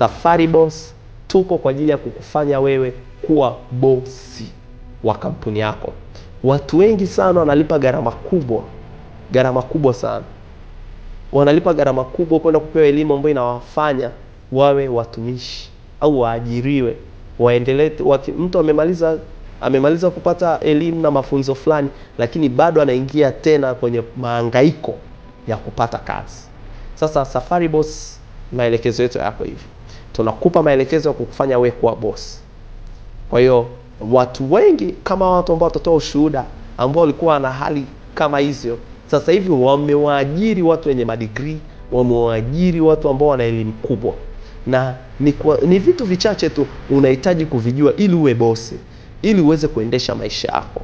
Safari Boss tuko kwa ajili ya kukufanya wewe kuwa bosi wa kampuni yako. Watu wengi sana wanalipa gharama kubwa, gharama kubwa sana, wanalipa gharama kubwa kwenda kupewa elimu ambayo inawafanya wawe watumishi au waajiriwe waendelee. Mtu amemaliza amemaliza kupata elimu na mafunzo fulani, lakini bado anaingia tena kwenye mahangaiko ya kupata kazi. Sasa Safari Boss maelekezo yetu yako hivi tunakupa maelekezo ya kukufanya wewe kuwa boss. Kwa hiyo watu wengi kama watu ambao watatoa ushuhuda ambao walikuwa na hali kama hizo, sasa hivi wamewaajiri watu wenye madigrii, wamewaajiri watu ambao wana elimu kubwa, na ni, kwa, ni vitu vichache tu unahitaji kuvijua ili uwe bosi, ili uweze kuendesha maisha yako.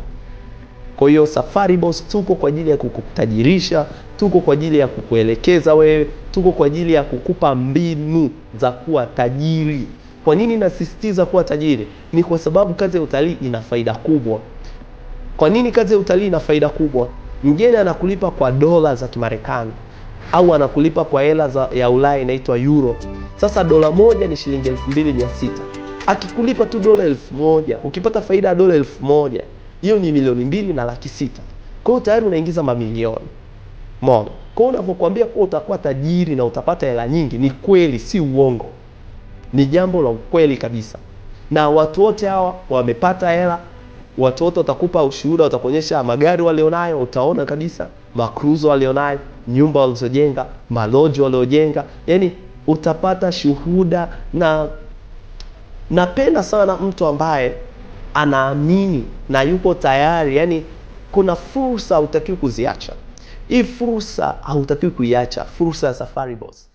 Kwa hiyo Safari Boss tuko kwa ajili ya kukutajirisha, tuko kwa ajili ya kukuelekeza wewe tuko kwa ajili ya kukupa mbinu za kuwa tajiri. Kwa nini nasisitiza kuwa tajiri? Ni kwa sababu kazi ya utalii ina faida kubwa. Kwa nini kazi ya utalii ina faida kubwa? Mgeni anakulipa kwa dola za Kimarekani au anakulipa kwa hela ya Ulaya inaitwa euro. Sasa dola moja ni shilingi elfu mbili mia sita akikulipa tu dola elfu moja ukipata faida ya dola elfu moja hiyo ni milioni mbili na laki sita. Kwa hiyo tayari unaingiza mamilioni. Umeona? Kwa unavyokuambia kuwa utakuwa tajiri na utapata hela nyingi ni kweli, si uongo, ni jambo la ukweli kabisa, na watu wote hawa wamepata hela. Watu wote watakupa ushuhuda, watakuonyesha magari walionayo, utaona kabisa makruzo walionayo, nyumba walizojenga, maloji waliojenga, yaani utapata shuhuda. Na napenda sana mtu ambaye anaamini na yuko tayari, yaani kuna fursa hutakiwi kuziacha. Hii fursa hautakiwi kuiacha, fursa ya Safari Boss.